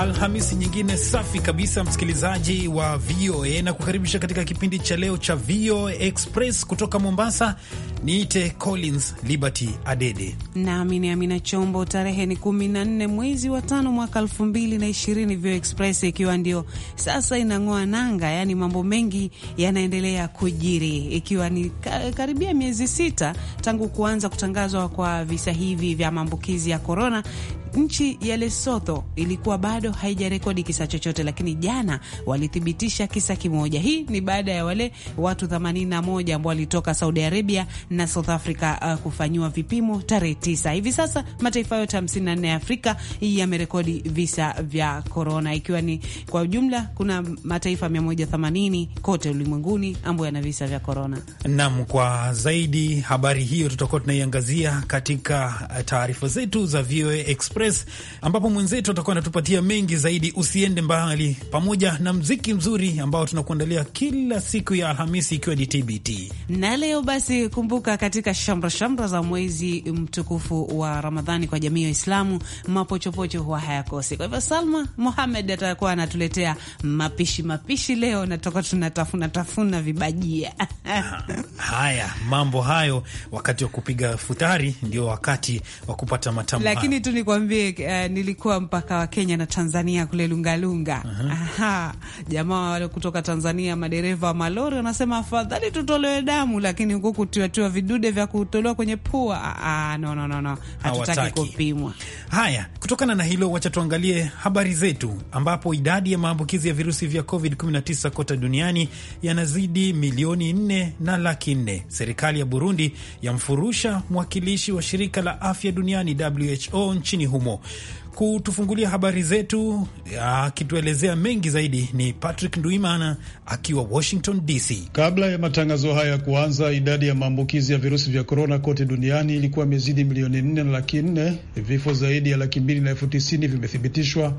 Alhamisi nyingine safi kabisa, msikilizaji wa VOA na kukaribisha katika kipindi cha leo cha VOA Express kutoka Mombasa. Niite Collins Liberty Adede nami ni Amina Chombo. Tarehe ni 14 mwezi wa tano mwaka 2020, VOA Express ikiwa ndio sasa inang'oa nanga, yaani mambo mengi yanaendelea kujiri, ikiwa ni karibia miezi sita tangu kuanza kutangazwa kwa visa hivi vya maambukizi ya korona nchi ya Lesotho ilikuwa bado haijarekodi kisa chochote, lakini jana walithibitisha kisa kimoja. Hii ni baada ya wale watu 81 ambao walitoka Saudi Arabia na South Africa uh, kufanyiwa vipimo tarehe 9. Hivi sasa mataifa yote 54 ya Afrika yamerekodi visa vya korona, ikiwa ni kwa ujumla kuna mataifa 180 kote ulimwenguni ambayo yana visa vya korona. Nam, kwa zaidi habari hiyo tutakuwa tunaiangazia katika uh, taarifa zetu za VOA Express Express, ambapo mwenzetu atakuwa anatupatia mengi zaidi. Usiende mbali, pamoja na mziki mzuri ambao tunakuandalia kila siku ya Alhamisi ikiwa ni TBT. Na leo basi, kumbuka katika shamra shamra za mwezi mtukufu wa Ramadhani kwa jamii ya Waislamu, mapochopocho huwa hayakosi. Kwa hivyo, Salma Mohamed atakuwa anatuletea mapishi mapishi leo, na toka tunatafuna tafuna vibajia haya mambo hayo, wakati wa kupiga futari ndio wakati wa kupata matamu, lakini tu nikwambie mimi uh, eh, nilikuwa mpaka wa Kenya na Tanzania kule Lungalunga. Aha. Aha. Jamaa wale kutoka Tanzania, madereva wa malori wanasema afadhali tutolewe damu, lakini huku kutiwatiwa vidude vya kutolewa kwenye pua ah, ah no, no, no, no. Hatutaki kupimwa. Haya, kutokana na hilo, wacha tuangalie habari zetu, ambapo idadi ya maambukizi ya virusi vya COVID-19 kote duniani yanazidi milioni 4 na laki 4. Serikali ya Burundi yamfurusha mwakilishi wa shirika la afya duniani WHO nchini humo humo. Kutufungulia habari zetu akituelezea mengi zaidi ni Patrick Nduimana akiwa Washington DC. Kabla ya matangazo haya kuanza, idadi ya maambukizi ya virusi vya korona kote duniani ilikuwa imezidi milioni nne na laki nne. Vifo zaidi ya laki mbili na elfu tisini vimethibitishwa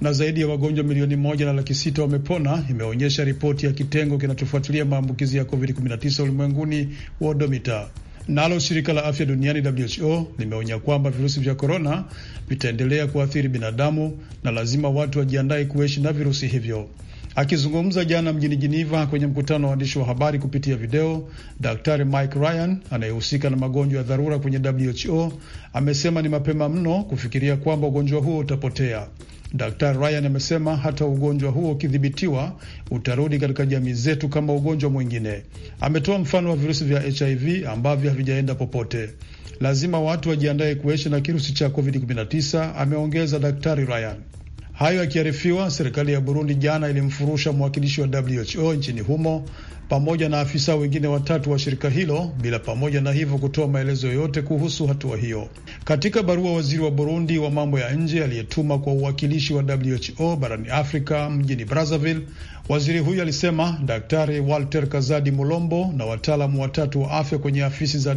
na zaidi ya wagonjwa milioni moja na laki sita wamepona, imeonyesha ripoti ya kitengo kinachofuatilia maambukizi ya COVID-19 ulimwenguni, Wodomita. Nalo shirika la afya duniani WHO limeonya kwamba virusi vya korona vitaendelea kuathiri binadamu na lazima watu wajiandae kuishi na virusi hivyo. Akizungumza jana mjini Jiniva kwenye mkutano wa waandishi wa habari kupitia video, Daktari Mike Ryan anayehusika na magonjwa ya dharura kwenye WHO amesema ni mapema mno kufikiria kwamba ugonjwa huo utapotea. Daktari Ryan amesema hata ugonjwa huo ukidhibitiwa utarudi katika jamii zetu kama ugonjwa mwingine. Ametoa mfano wa virusi vya HIV ambavyo havijaenda popote. Lazima watu wajiandae kuishi na kirusi cha COVID-19, ameongeza Daktari Ryan. Hayo yakiarifiwa, serikali ya Burundi jana ilimfurusha mwakilishi wa WHO nchini humo pamoja na afisa wengine watatu wa shirika hilo bila pamoja na hivyo kutoa maelezo yoyote kuhusu hatua hiyo. Katika barua, waziri wa Burundi wa mambo ya nje aliyetuma kwa uwakilishi wa WHO barani Afrika mjini Brazzaville, waziri huyo alisema Daktari Walter Kazadi Mulombo na wataalamu watatu wa afya kwenye afisi za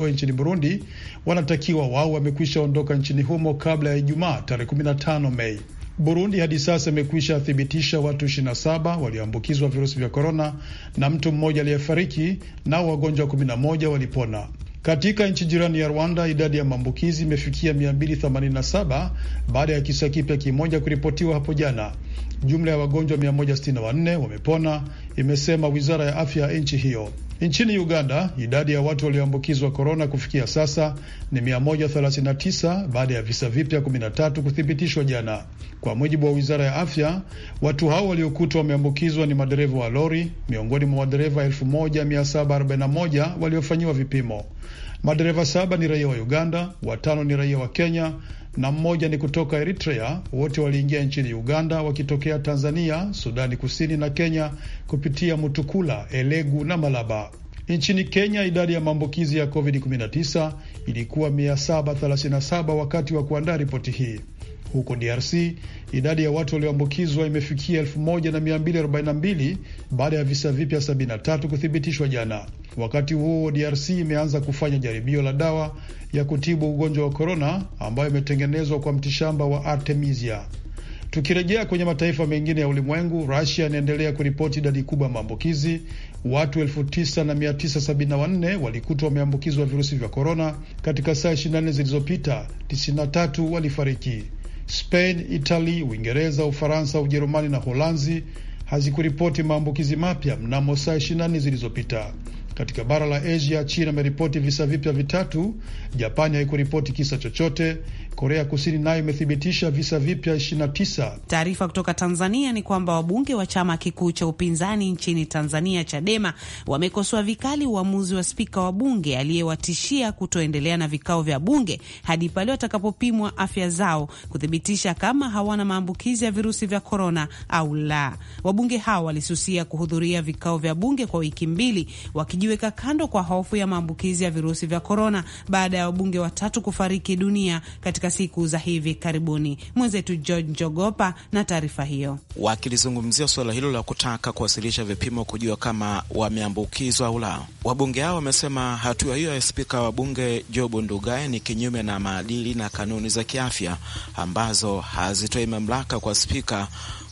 WHO nchini Burundi wanatakiwa wao wamekwisha ondoka nchini humo kabla ya Ijumaa tarehe 15 Mei. Burundi hadi sasa imekwisha thibitisha watu 27 walioambukizwa virusi vya korona na mtu mmoja aliyefariki, nao wagonjwa 11 walipona. Katika nchi jirani ya Rwanda, idadi ya maambukizi imefikia 287 baada ya kisa kipya kimoja kuripotiwa hapo jana. Jumla ya wagonjwa 164 wamepona, imesema wizara ya afya ya nchi hiyo. Nchini Uganda, idadi ya watu walioambukizwa korona kufikia sasa ni 139 baada ya visa vipya 13 kuthibitishwa jana. Kwa mujibu wa wizara ya afya, watu hao waliokutwa wameambukizwa ni madereva wa lori, miongoni mwa madereva 1741 waliofanyiwa vipimo. Madereva saba ni raia wa Uganda, watano ni raia wa Kenya na mmoja ni kutoka Eritrea. Wote waliingia nchini Uganda wakitokea Tanzania, Sudani Kusini na Kenya kupitia Mutukula, Elegu na Malaba. Nchini Kenya, idadi ya maambukizi ya COVID-19 ilikuwa 737 wakati wa kuandaa ripoti hii. Huko DRC idadi ya watu walioambukizwa imefikia 1242 baada ya visa vipya 73 kuthibitishwa jana. Wakati huo DRC imeanza kufanya jaribio la dawa ya kutibu ugonjwa wa korona ambayo imetengenezwa kwa mtishamba wa Artemisia. Tukirejea kwenye mataifa mengine ya ulimwengu, Rusia inaendelea kuripoti idadi kubwa ya maambukizi. Watu 9974 walikutwa wameambukizwa virusi vya korona katika saa 24 zilizopita, 93 walifariki. Spain, Italy, Uingereza, Ufaransa, Ujerumani na Holanzi hazikuripoti maambukizi mapya mnamo saa 24 zilizopita. Katika bara la Asia, China imeripoti visa vipya vitatu. Japani haikuripoti kisa chochote, Korea Kusini nayo imethibitisha visa vipya 29. Taarifa kutoka Tanzania ni kwamba wabunge wa chama kikuu cha upinzani nchini Tanzania, Chadema, wamekosoa vikali uamuzi wa spika wa bunge aliyewatishia kutoendelea na vikao vya bunge hadi pale watakapopimwa afya zao kuthibitisha kama hawana maambukizi ya virusi vya korona au la. Wabunge hao walisusia kuhudhuria vikao vya bunge kwa wiki mbili, wakijiweka kando kwa hofu ya maambukizi ya virusi vya korona baada ya wabunge watatu kufariki dunia katika katika siku za hivi karibuni. Mwenzetu George Njogopa na taarifa hiyo. Wakilizungumzia suala hilo la kutaka kuwasilisha vipimo kujua kama wameambukizwa au la, wabunge hao wamesema hatua hiyo ya spika wa bunge Job Ndugai ni kinyume na maadili na kanuni za kiafya ambazo hazitoi mamlaka kwa spika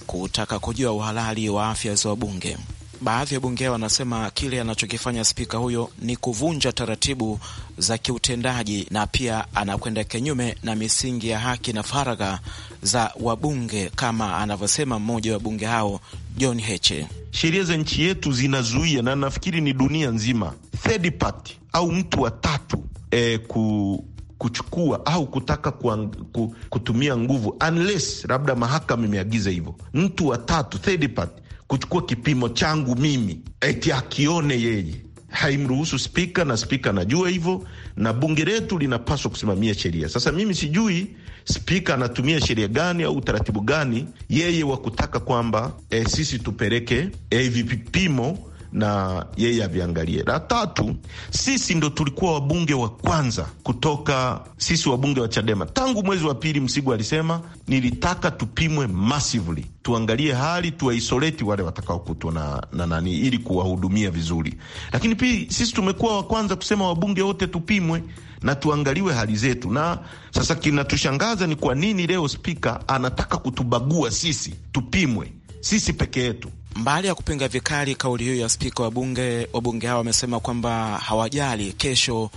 kutaka kujua uhalali wa afya za wabunge baadhi ya bunge wanasema kile anachokifanya spika huyo ni kuvunja taratibu za kiutendaji na pia anakwenda kinyume na misingi ya haki na faragha za wabunge, kama anavyosema mmoja wa bunge hao John Heche. Sheria za nchi yetu zinazuia na nafikiri ni dunia nzima third party au mtu wa tatu eh, ku kuchukua au kutaka kuang, ku, kutumia nguvu unless labda mahakama imeagiza hivyo. Mtu wa tatu third party kuchukua kipimo changu mimi eti akione yeye, haimruhusu spika, na spika anajua hivyo, na bunge letu linapaswa kusimamia sheria. Sasa mimi sijui spika anatumia sheria gani au utaratibu gani yeye wa kutaka kwamba e, sisi tupeleke e, vipimo na yeye aviangalie. La tatu, sisi ndo tulikuwa wabunge wa kwanza kutoka, sisi wabunge wa Chadema tangu mwezi wa pili. Msigu alisema nilitaka tupimwe massively, tuangalie hali, tuwaisoleti wale watakaokutwa na, na nani ili kuwahudumia vizuri. Lakini pia sisi tumekuwa wa kwanza kusema wabunge wote tupimwe na tuangaliwe hali zetu. Na sasa kinatushangaza ni kwa nini leo spika anataka kutubagua sisi tupimwe sisi peke yetu. Mbali ya kupinga vikali kauli hiyo ya spika wa bunge, wabunge hao wamesema kwamba hawajali kesho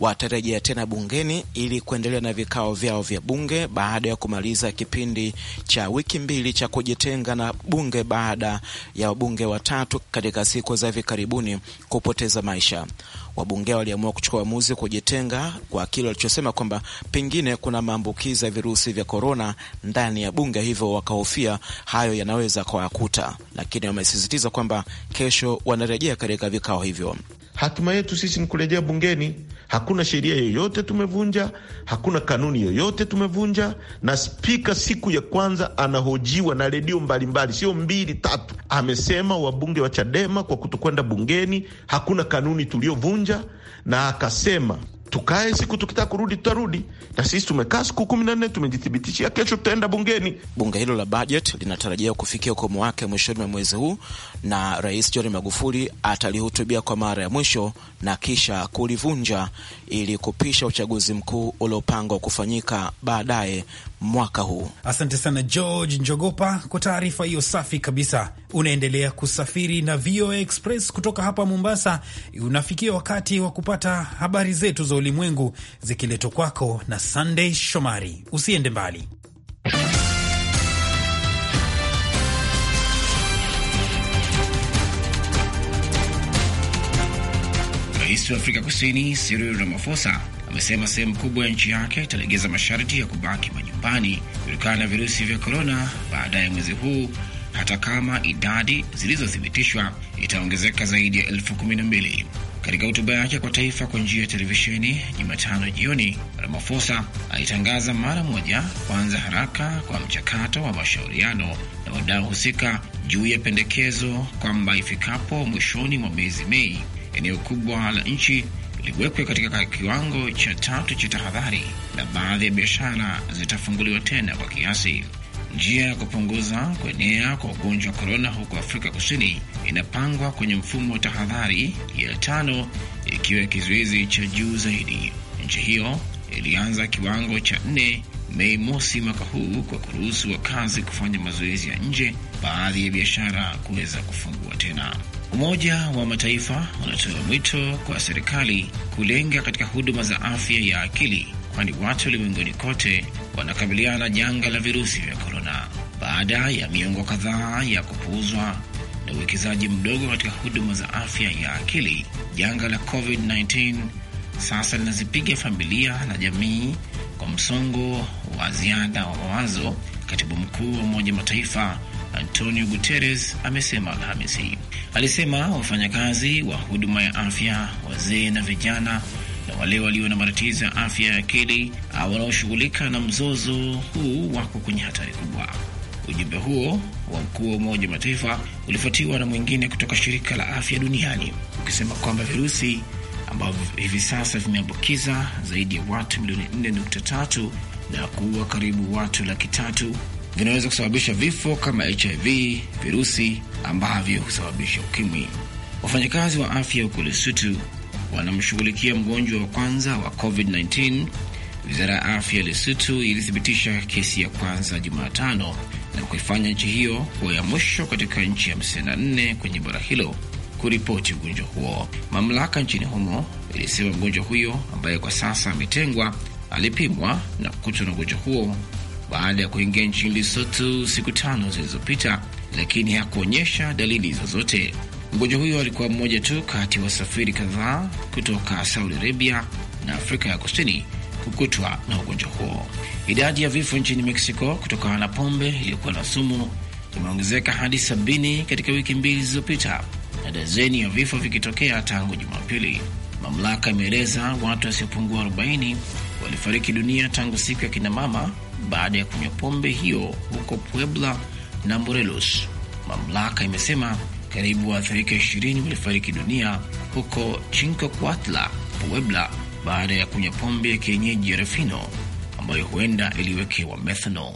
watarejea tena bungeni ili kuendelea na vikao vyao vya bunge baada ya kumaliza kipindi cha wiki mbili cha kujitenga na bunge baada ya wabunge watatu katika siku za hivi karibuni kupoteza maisha. Wabunge waliamua kuchukua uamuzi kujitenga kwa kile walichosema kwamba pengine kuna maambukizi ya virusi vya korona ndani ya bunge, hivyo wakahofia hayo yanaweza kuwakuta, lakini wamesisitiza kwamba kesho wanarejea katika vikao hivyo. Hatima yetu sisi ni kurejea bungeni Hakuna sheria yoyote tumevunja, hakuna kanuni yoyote tumevunja. Na spika siku ya kwanza anahojiwa na redio mbalimbali, sio mbili tatu, amesema wabunge wa Chadema kwa kutokwenda bungeni hakuna kanuni tuliyovunja, na akasema tukae siku tukitaka kurudi tutarudi, na sisi tumekaa siku kumi na nne tumejithibitishia, kesho tutaenda bungeni. Bunge hilo la bajeti linatarajiwa kufikia ukomo wake mwishoni mwa mwezi huu, na Rais John Magufuli atalihutubia kwa mara ya mwisho na kisha kulivunja ili kupisha uchaguzi mkuu uliopangwa kufanyika baadaye mwaka huu. Asante sana George Njogopa kwa taarifa hiyo safi kabisa. Unaendelea kusafiri na VOA Express kutoka hapa Mombasa. Unafikia wakati wa kupata habari zetu zo za ulimwengu zikiletwa kwako na Sunday Shomari. Usiende mbali. Rais wa Afrika Kusini Cyril Ramaphosa amesema sehemu kubwa ya nchi yake italegeza masharti ya kubaki majumbani kutokana na virusi vya korona baada ya mwezi huu, hata kama idadi zilizothibitishwa itaongezeka zaidi ya elfu kumi na mbili. Katika hotuba yake kwa taifa kwa njia ya televisheni Jumatano jioni, ramafosa alitangaza mara moja kuanza haraka kwa mchakato wa mashauriano na wadau husika juu ya pendekezo kwamba ifikapo mwishoni mwa mwezi Mei, eneo kubwa la nchi liwekwe katika kiwango cha tatu cha tahadhari na baadhi ya biashara zitafunguliwa tena kwa kiasi. Njia ya kupunguza kuenea kwa ugonjwa wa korona huko Afrika Kusini inapangwa kwenye mfumo wa tahadhari ya tano, ikiwa kizuizi cha juu zaidi. Nchi hiyo ilianza kiwango cha nne Mei mosi mwaka huu kwa kuruhusu wakazi kufanya mazoezi ya nje, baadhi ya biashara kuweza kufungua tena. Umoja wa Mataifa unatoa mwito kwa serikali kulenga katika huduma za afya ya akili kwani watu ulimwenguni kote wanakabiliana na janga la virusi vya korona. Baada ya miongo kadhaa ya kupuuzwa na uwekezaji mdogo katika huduma za afya ya akili, janga la COVID-19 sasa linazipiga familia na jamii kwa msongo wa ziada wa mawazo. Katibu mkuu wa Umoja Mataifa Antonio Guterres amesema Alhamisi. Alisema wafanyakazi wa huduma ya afya, wazee na vijana na wale walio na matatizo ya afya ya akili au ah, wanaoshughulika na mzozo huu wako kwenye hatari kubwa. Ujumbe huo wa mkuu wa Umoja wa Mataifa ulifuatiwa na mwingine kutoka Shirika la Afya Duniani ukisema kwamba virusi ambavyo hivi sasa vimeambukiza zaidi ya watu milioni 4.3 na kuua karibu watu laki tatu vinaweza kusababisha vifo kama HIV, virusi ambavyo husababisha ukimwi. Wafanyakazi wa afya huko Lesotho wanamshughulikia mgonjwa wa kwanza wa COVID-19. Wizara ya afya lesutu ilithibitisha kesi ya kwanza Jumatano na kuifanya nchi hiyo kuwa ya mwisho katika nchi 54 kwenye bara hilo kuripoti ugonjwa huo. Mamlaka nchini humo ilisema mgonjwa huyo ambaye kwa sasa ametengwa alipimwa na kukutwa na ugonjwa huo baada ya kuingia nchini Lesotho siku tano zilizopita, lakini hakuonyesha dalili zozote. Mgonjwa huyo alikuwa mmoja tu kati ya wasafiri kadhaa kutoka Saudi Arabia na Afrika ya Kusini kukutwa na ugonjwa huo. Idadi ya vifo nchini Meksiko kutokana na pombe iliyokuwa na sumu imeongezeka hadi sabini katika wiki mbili zilizopita na dazeni ya vifo vikitokea tangu Jumapili. Mamlaka imeeleza watu wasiopungua 40 walifariki dunia tangu siku ya kinamama baada ya kunywa pombe hiyo huko Puebla na Morelos. Mamlaka imesema karibu waathirika 20 walifariki dunia huko Chinkokuatla, Puebla, baada ya kunywa pombe ya kienyeji ya refino ambayo huenda iliwekewa methanol.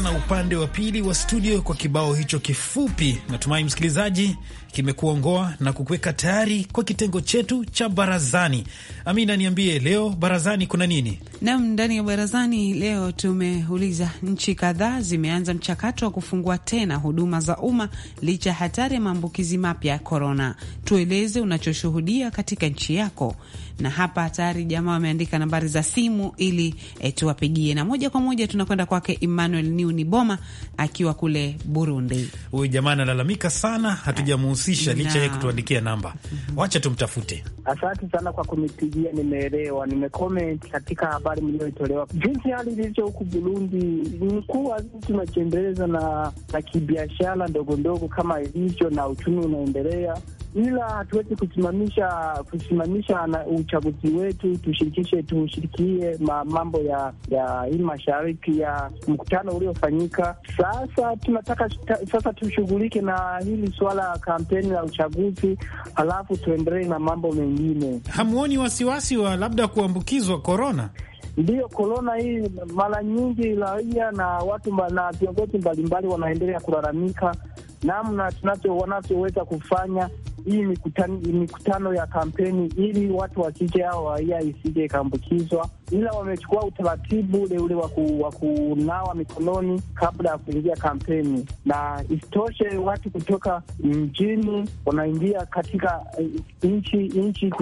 na upande wa pili wa studio kwa kibao hicho kifupi. Natumai msikilizaji kimekuongoa na kukuweka tayari kwa kitengo chetu cha barazani. Amina, niambie leo barazani kuna nini? Naam, ndani ya barazani leo tumeuliza, nchi kadhaa zimeanza mchakato wa kufungua tena huduma za umma licha ya hatari ya maambukizi mapya ya korona. Tueleze unachoshuhudia katika nchi yako na hapa tayari jamaa wameandika nambari za simu ili e, tuwapigie na moja kwa moja tunakwenda kwake Emmanuel New Yuni Boma akiwa kule Burundi. Huyu jamaa analalamika sana, hatujamuhusisha licha ye kutuandikia namba. Mhm. Wacha tumtafute. Asante sana kwa kunipigia, nimeelewa. nimekoment katika habari mliyoitolewa jinsi hali ilivyo huku Burundi, ni kuwa tunachembeleza na, na kibiashara ndogo ndogo kama ilivyo na uchumi unaendelea ila hatuwezi kusimamisha kusimamisha na uchaguzi wetu. Tushirikishe, tushirikie mambo ya ya hii mashariki ya mkutano uliofanyika. Sasa tunataka sasa tushughulike na hili suala ya kampeni la uchaguzi, halafu tuendelee na mambo mengine. Hamuoni wasiwasi wa labda kuambukizwa korona? Ndiyo, korona hii mara nyingi raia na watu na viongozi mbalimbali wanaendelea kulalamika namna tunacho wanavyoweza kufanya hii mikutano, mikutano ya kampeni ili watu wa kike au raia isije ikaambukizwa ila wamechukua utaratibu ule ule wa kunawa mikononi kabla ya kuingia kampeni, na isitoshe watu kutoka mjini wanaingia katika eh, nchi nchi,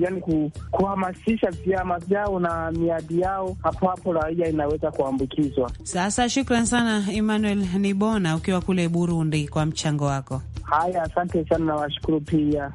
yaani kuhamasisha vyama vyao na miadi yao, hapo hapo raia inaweza kuambukizwa. Sasa shukran sana Emmanuel Nibona ukiwa kule Burundi kwa mchango wako. Haya, asante sana, nawashukuru pia.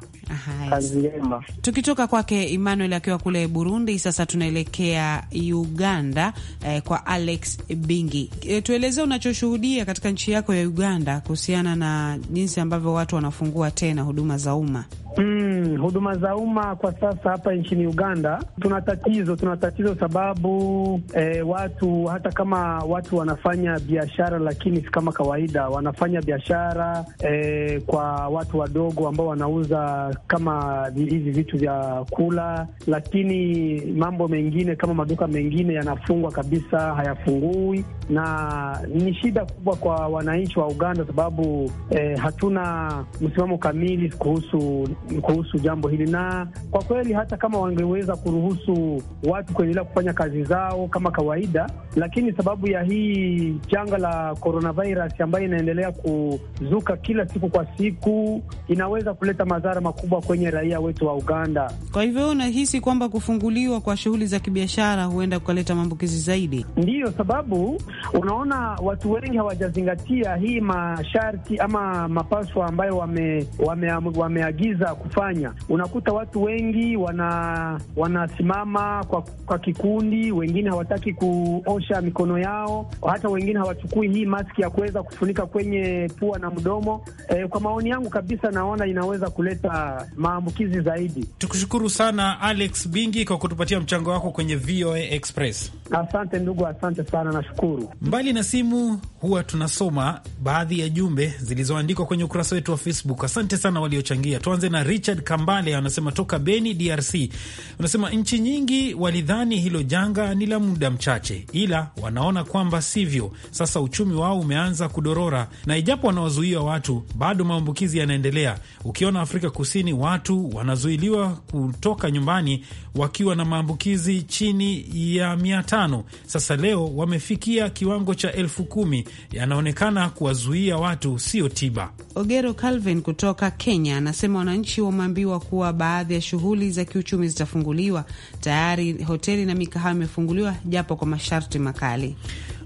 Kazi yema. Tukitoka kwake Emmanuel akiwa kule Burundi, sasa tunaelekea ya Uganda eh, kwa Alex Bingi. E, tueleze unachoshuhudia katika nchi yako ya Uganda kuhusiana na jinsi ambavyo watu wanafungua tena huduma za umma. Mm, huduma za umma kwa sasa hapa nchini Uganda tuna tatizo, tuna tatizo sababu eh, watu hata kama watu wanafanya biashara, lakini si kama kawaida, wanafanya biashara eh, kwa watu wadogo ambao wanauza kama hizi vitu vya kula, lakini mambo mengine kama kama maduka mengine yanafungwa kabisa, hayafungui, na ni shida kubwa kwa wananchi wa Uganda sababu eh, hatuna msimamo kamili kuhusu kuhusu jambo hili, na kwa kweli hata kama wangeweza kuruhusu watu kuendelea kufanya kazi zao kama kawaida, lakini sababu ya hii janga la coronavirus ambayo inaendelea kuzuka kila siku kwa siku, inaweza kuleta madhara makubwa kwenye raia wetu wa Uganda. Kwa hivyo unahisi kwamba kufunguliwa kwa shughuli za kibiashara biashara huenda kukaleta maambukizi zaidi? Ndiyo sababu unaona watu wengi hawajazingatia hii masharti ama mapaswa ambayo wame, wame, wameagiza kufanya. Unakuta watu wengi wana wanasimama kwa, kwa kikundi, wengine hawataki kuosha mikono yao, hata wengine hawachukui hii maski ya kuweza kufunika kwenye pua na mdomo. E, kwa maoni yangu kabisa naona inaweza kuleta maambukizi zaidi. Tukushukuru sana Alex Bingi kwa kutupatia mchango wako kwenye VOA Express. Asante ndugu, asante sana, nashukuru. Mbali na simu, huwa tunasoma baadhi ya jumbe zilizoandikwa kwenye ukurasa wetu wa Facebook. Asante sana waliochangia. Tuanze na Richard Kambale, anasema toka Beni, DRC. Unasema nchi nyingi walidhani hilo janga ni la muda mchache, ila wanaona kwamba sivyo. Sasa uchumi wao umeanza kudorora, na ijapo wanawazuia watu, bado maambukizi yanaendelea. Ukiona Afrika Kusini, watu wanazuiliwa kutoka nyumbani wakiwa na maambukizi chini ya mia tano tano, sasa leo wamefikia kiwango cha elfu kumi. Yanaonekana kuwazuia watu sio tiba. Ogero Calvin kutoka Kenya anasema wananchi wameambiwa kuwa baadhi ya shughuli za kiuchumi zitafunguliwa. Tayari hoteli na mikahawa imefunguliwa japo kwa masharti makali.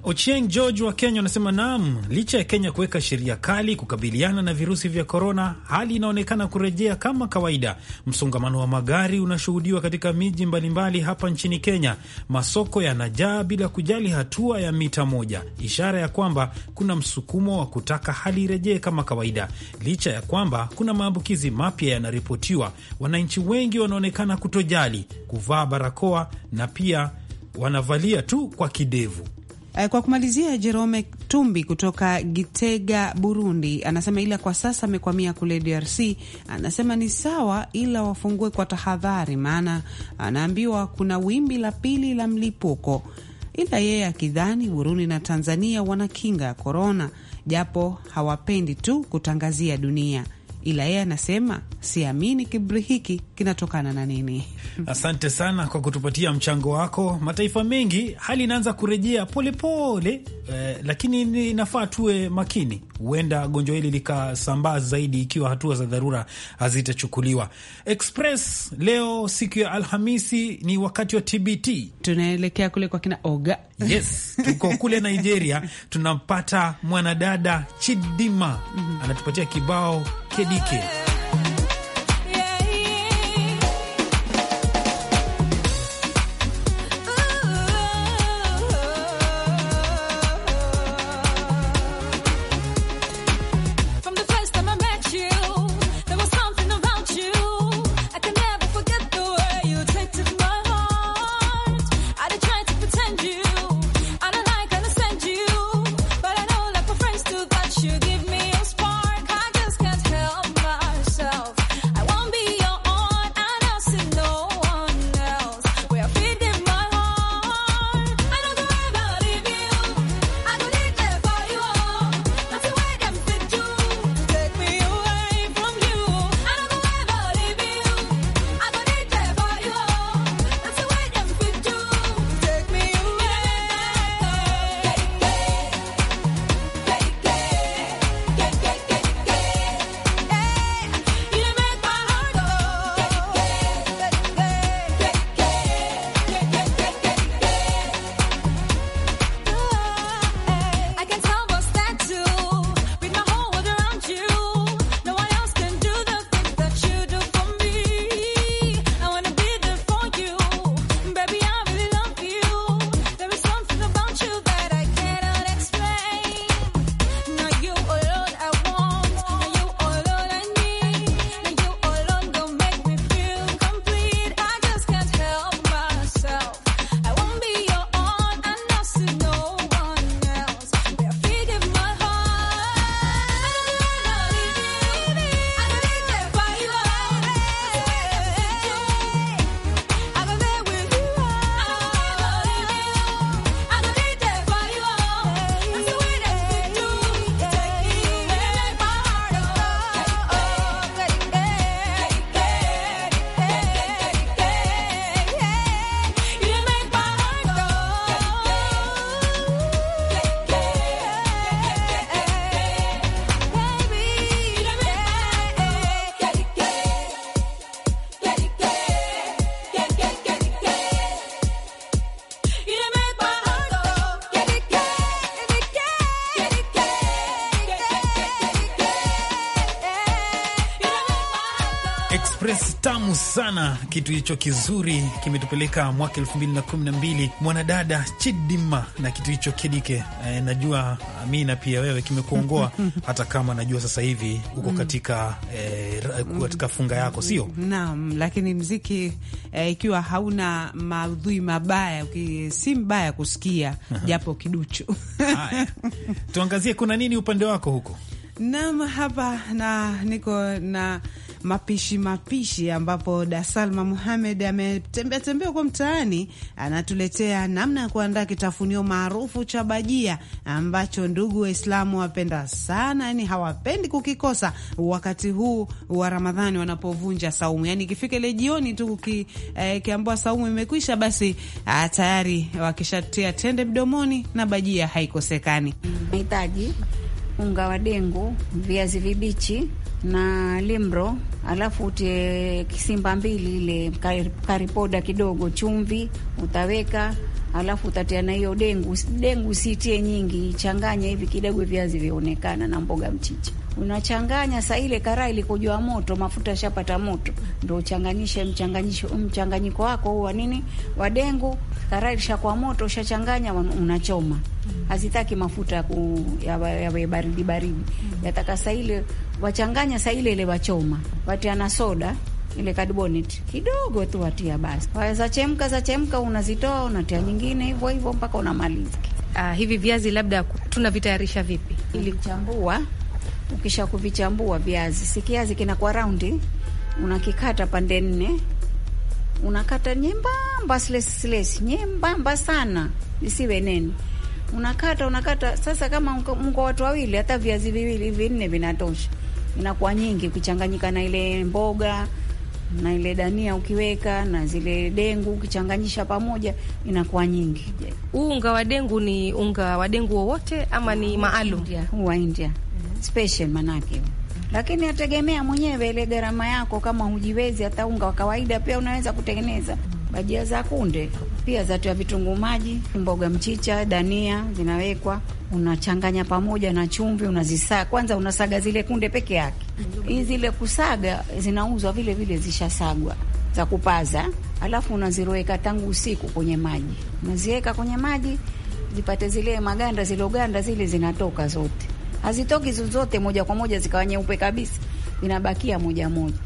Ochieng George wa Kenya anasema naam, licha ya Kenya kuweka sheria kali kukabiliana na virusi vya korona, hali inaonekana kurejea kama kawaida. Msongamano wa magari unashuhudiwa katika miji mbalimbali hapa nchini Kenya. Masoko yanajaa bila kujali hatua ya mita moja, ishara ya kwamba kuna msukumo wa kutaka hali irejee kama kawaida. Licha ya kwamba kuna maambukizi mapya yanaripotiwa, wananchi wengi wanaonekana kutojali kuvaa barakoa na pia wanavalia tu kwa kidevu. Eh, kwa kumalizia, Jerome Tumbi kutoka Gitega, Burundi, anasema ila kwa sasa amekwamia kule DRC. Anasema ni sawa, ila wafungue kwa tahadhari, maana anaambiwa kuna wimbi la pili la mlipuko, ila yeye akidhani Burundi na Tanzania wana kinga ya korona, japo hawapendi tu kutangazia dunia, ila yeye anasema siamini kibri hiki kinatokana na nini? Asante sana kwa kutupatia mchango wako. Mataifa mengi hali inaanza kurejea polepole pole, eh, lakini inafaa tuwe makini, huenda gonjwa hili likasambaa zaidi ikiwa hatua za dharura hazitachukuliwa. Express leo siku ya Alhamisi ni wakati wa TBT, tunaelekea kule kwa kina Oga. Yes, tuko kule Nigeria, tunampata mwanadada Chidima mhm. anatupatia kibao Kedike. sana kitu hicho kizuri kimetupeleka mwaka elfu mbili na kumi na mbili mwanadada Chidima na kitu hicho Kedike. E, najua na pia wewe kimekuongoa hata kama najua sasa hivi uko mm. katika e, katika funga yako sio? Naam, lakini mziki e, ikiwa hauna maudhui mabaya, si mbaya kusikia japo kiduchu. Haya, tuangazie kuna nini upande wako huko. Naam, hapa na niko na mapishi mapishi, ambapo Dasalma Muhamed ametembea tembea kwa mtaani, anatuletea namna ya kuandaa kitafunio maarufu cha bajia ambacho ndugu Waislamu wapenda sana, yani hawapendi kukikosa wakati huu wa Ramadhani wanapovunja saumu. Yani ikifika ile jioni tu ki, eh, kiambua saumu imekwisha, basi ah, tayari wakishatia tende mdomoni na bajia haikosekani. Mahitaji: unga wa dengu, viazi vibichi na limro, alafu utie kisimba mbili ile karipoda kidogo, chumvi utaweka, alafu utatia na hiyo dengu. Dengu sitie nyingi, changanya hivi kidogo, viazi vionekana na mboga mchicha unachanganya. Saa ile karai ilikujua moto, mafuta yashapata moto, ndo uchanganyishe mchanganyisho mchanganyiko wako huu wa nini, wa dengu. Karai lishakuwa moto, ushachanganya, unachoma. Hazitaki mafuta ku, yawe ya, ya baridi baridi, yataka saa ile wachanganya, saa ile ile wachoma, watia na soda ile carbonate kidogo tu watia basi. Waweza zachemka zachemka, unazitoa unatia nyingine hivyo hivyo mpaka unamaliza. Uh, hivi viazi labda tunavitayarisha vipi? Ili kuchambua Ukisha kuvichambua viazi, si kiazi kinakuwa raundi, unakikata pande nne, unakata nyembamba, silesi silesi, nyembamba sana, isiwe nene. Unakata unakata. Sasa kama mko watu wawili, hata viazi viwili vinne vinatosha, inakuwa nyingi kuchanganyika na ile mboga na ile dania ukiweka na zile dengu ukichanganyisha pamoja inakuwa nyingi. Huu unga wa dengu ni unga wa dengu wowote ama ni maalum? Huwa India special manake lakini ategemea mwenyewe ile gharama yako. Kama hujiwezi, hata unga wa kawaida pia unaweza kutengeneza bajia za kunde pia zatu ya vitunguu maji, mboga mchicha, dania zinawekwa, unachanganya pamoja na chumvi, unazisaga kwanza, unasaga zile kunde peke yake. Hii zile kusaga zinauzwa vile vile zishasagwa za kupaza, alafu unaziroeka tangu usiku kwenye maji, unaziweka kwenye maji zipate zile maganda ziloganda zile zinatoka zote, hazitoki zote moja kwa moja zikawa nyeupe kabisa, inabakia moja moja.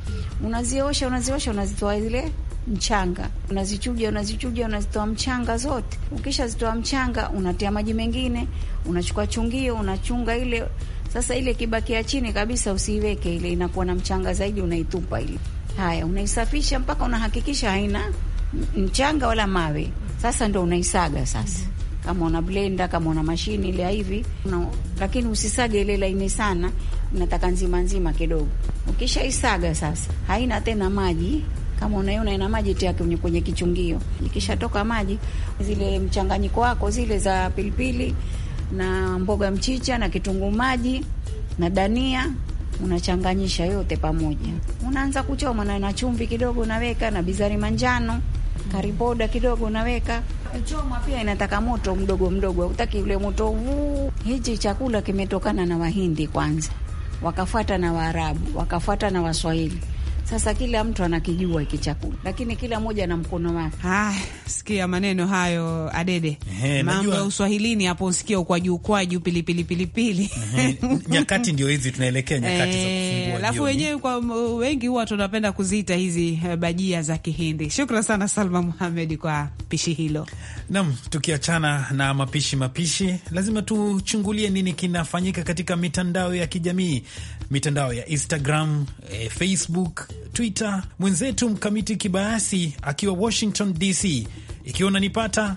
Unaziosha, unaziosha, unazitoa zile mchanga, unazichuja unazichuja, unazitoa mchanga zote. Ukishazitoa mchanga, unatia maji mengine, unachukua chungio, unachunga ile sasa. Ile kibakia chini kabisa usiiweke, ile inakuwa na mchanga zaidi, unaitupa ile. Haya, unaisafisha mpaka unahakikisha haina mchanga wala mawe. Sasa ndo unaisaga sasa kama una blender kama una mashini ile hivi no, lakini usisage ile laini sana, nataka nzima nzima kidogo. Ukishaisaga sasa, haina tena maji kama unaiona ina maji tia kwenye kwenye kichungio, ikishatoka maji zile mchanganyiko wako zile za pilipili na mboga mchicha na kitunguu maji na dania unachanganyisha yote pamoja, unaanza kuchoma na na chumvi kidogo unaweka na bizari manjano, kariboda kidogo unaweka. Choma pia inataka moto mdogo mdogo, hutaki ule moto huu. Hichi chakula kimetokana na Wahindi kwanza, wakafuata na Waarabu, wakafuata na Waswahili. Sasa kila mtu anakijua hiki chakula, lakini kila mmoja na mkono wake. Ah, sikia maneno hayo Adede, mambo ya uswahilini hapo, sikia ukwaju ukwaju, pilipili pilipili. Nyakati ndio hizi tunaelekea nyakati za eh, kufungua, alafu wenyewe kwa wengi huwa tunapenda kuziita hizi eh, bajia za Kihindi. Shukran sana Salma Muhamed kwa pishi hilo. Nam, tukiachana na mapishi mapishi, lazima tuchungulie nini kinafanyika katika mitandao ya kijamii mitandao ya Instagram, e, Facebook, Twitter. Mwenzetu Mkamiti Kibayasi akiwa Washington DC, ikiwa unanipata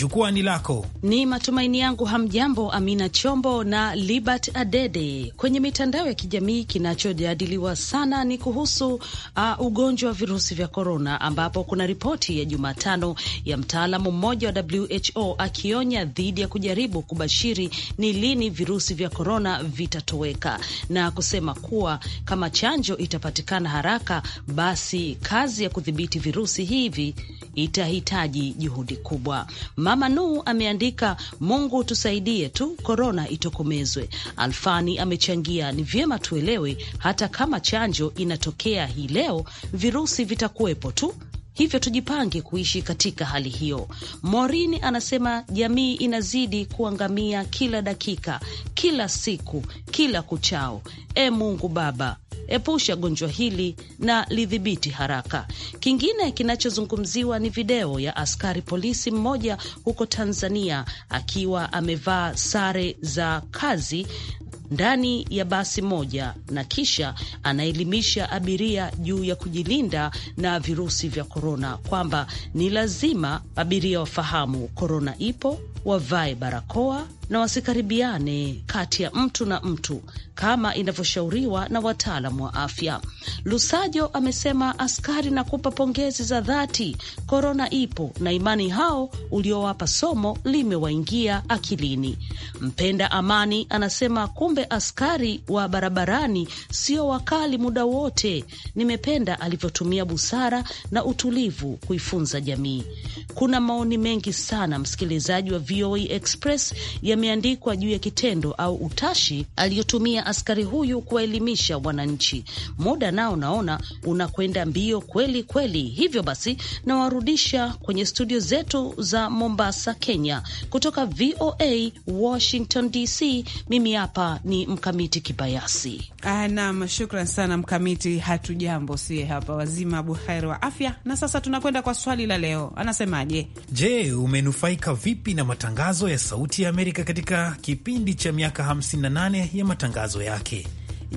jukwani lako. Ni matumaini yangu hamjambo, Amina Chombo na Libert Adede. Kwenye mitandao ya kijamii, kinachojadiliwa sana ni kuhusu uh, ugonjwa wa virusi vya korona, ambapo kuna ripoti ya Jumatano ya mtaalamu mmoja wa WHO akionya dhidi ya kujaribu kubashiri ni lini virusi vya korona vitatoweka, na kusema kuwa kama chanjo itapatikana haraka, basi kazi ya kudhibiti virusi hivi itahitaji juhudi kubwa Ma Mama Nu ameandika Mungu tusaidie tu, korona itokomezwe. Alfani amechangia ni vyema tuelewe, hata kama chanjo inatokea hii leo, virusi vitakuwepo tu hivyo tujipange kuishi katika hali hiyo. Maureen anasema jamii inazidi kuangamia kila dakika, kila siku, kila kuchao. E Mungu Baba, epusha gonjwa hili na lidhibiti haraka. Kingine kinachozungumziwa ni video ya askari polisi mmoja huko Tanzania akiwa amevaa sare za kazi ndani ya basi moja na kisha anaelimisha abiria juu ya kujilinda na virusi vya korona, kwamba ni lazima abiria wafahamu korona ipo, wavae barakoa na wasikaribiane kati ya mtu na mtu kama inavyoshauriwa na wataalam wa afya. Lusajo amesema askari na kupa pongezi za dhati, korona ipo na imani, hao uliowapa somo limewaingia akilini. Mpenda amani anasema kumbe askari wa barabarani sio wakali muda wote, nimependa alivyotumia busara na utulivu kuifunza jamii. Kuna maoni mengi sana msikilizaji wa VOA e Express ya yameandikwa juu ya kitendo au utashi aliyotumia askari huyu kuwaelimisha wananchi. Muda nao naona unakwenda mbio kweli kweli. Hivyo basi, nawarudisha kwenye studio zetu za Mombasa, Kenya. Kutoka VOA Washington DC, mimi hapa ni Mkamiti Kibayasi. Ah, nam shukran sana Mkamiti, hatujambo sie hapa wazima buheri wa afya. Na sasa tunakwenda kwa swali la leo, anasemaje? Je, umenufaika vipi na matangazo ya Sauti ya Amerika katika kipindi cha miaka 58 ya matangazo yake.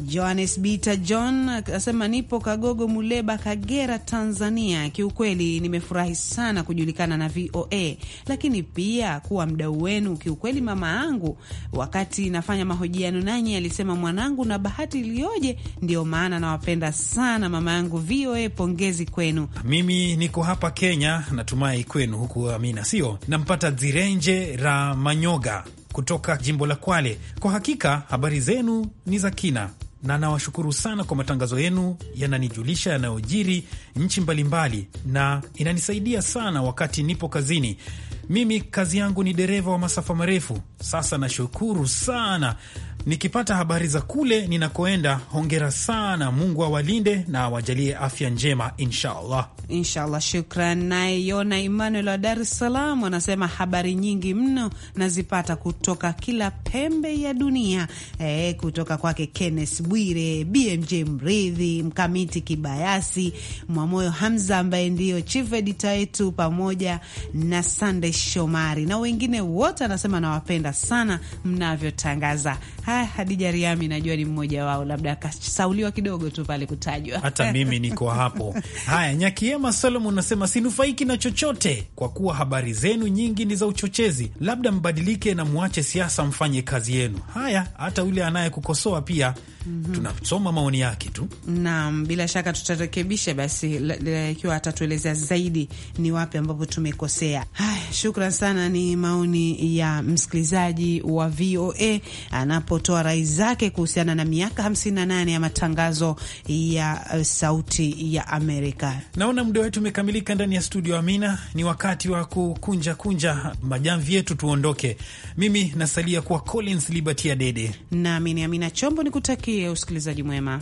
Johannes Bita John asema nipo Kagogo, Muleba, Kagera, Tanzania. Kiukweli nimefurahi sana kujulikana na VOA, lakini pia kuwa mdau wenu. Kiukweli mama yangu wakati nafanya mahojiano nanyi alisema mwanangu, na bahati iliyoje! Ndiyo maana nawapenda sana mama yangu VOA. Pongezi kwenu. Mimi niko hapa Kenya, natumai kwenu huku. Amina sio nampata Zirenje Ramanyoga kutoka jimbo la Kwale. Kwa hakika habari zenu ni za kina na nawashukuru sana kwa matangazo yenu, yananijulisha yanayojiri nchi mbalimbali na inanisaidia sana wakati nipo kazini. Mimi kazi yangu ni dereva wa masafa marefu. Sasa nashukuru sana nikipata habari za kule ninakoenda. Hongera sana, Mungu awalinde na awajalie afya njema, inshallah. Inshallah, shukran. Naye Yona Emmanuel wa Dar es Salaam anasema habari nyingi mno nazipata kutoka kila pembe ya dunia e, kutoka kwake Kenneth Bwire, BMJ Mridhi, Mkamiti Kibayasi, Mwamoyo Hamza ambaye ndiyo chief editor yetu, pamoja na Sandey Shomari na wengine wote, anasema nawapenda sana mnavyotangaza. Ha, eh, Hadija Riami najua ni mmoja wao, labda akasauliwa kidogo tu pale kutajwa. Hata mimi niko hapo. Haya, Nyakiema Solomon nasema sinufaiki na chochote kwa kuwa habari zenu nyingi ni za uchochezi, labda mbadilike na mwache siasa, mfanye kazi yenu. Haya, hata yule anayekukosoa pia Mm -hmm. Tunasoma maoni yake tu. Naam, bila shaka tutarekebisha basi ikiwa atatuelezea zaidi ni wapi ambapo tumekosea. Haya, shukran sana. Ni maoni ya msikilizaji wa VOA anapo kutoa rai zake kuhusiana na miaka 58 ya matangazo ya eh, Sauti ya Amerika. Naona muda wetu umekamilika ndani ya studio, Amina. Ni wakati wa kukunja kunja majamvi yetu, tuondoke. Mimi nasalia kuwa Collins Liberty Adede nami ni Amina Chombo, nikutakie usikilizaji mwema.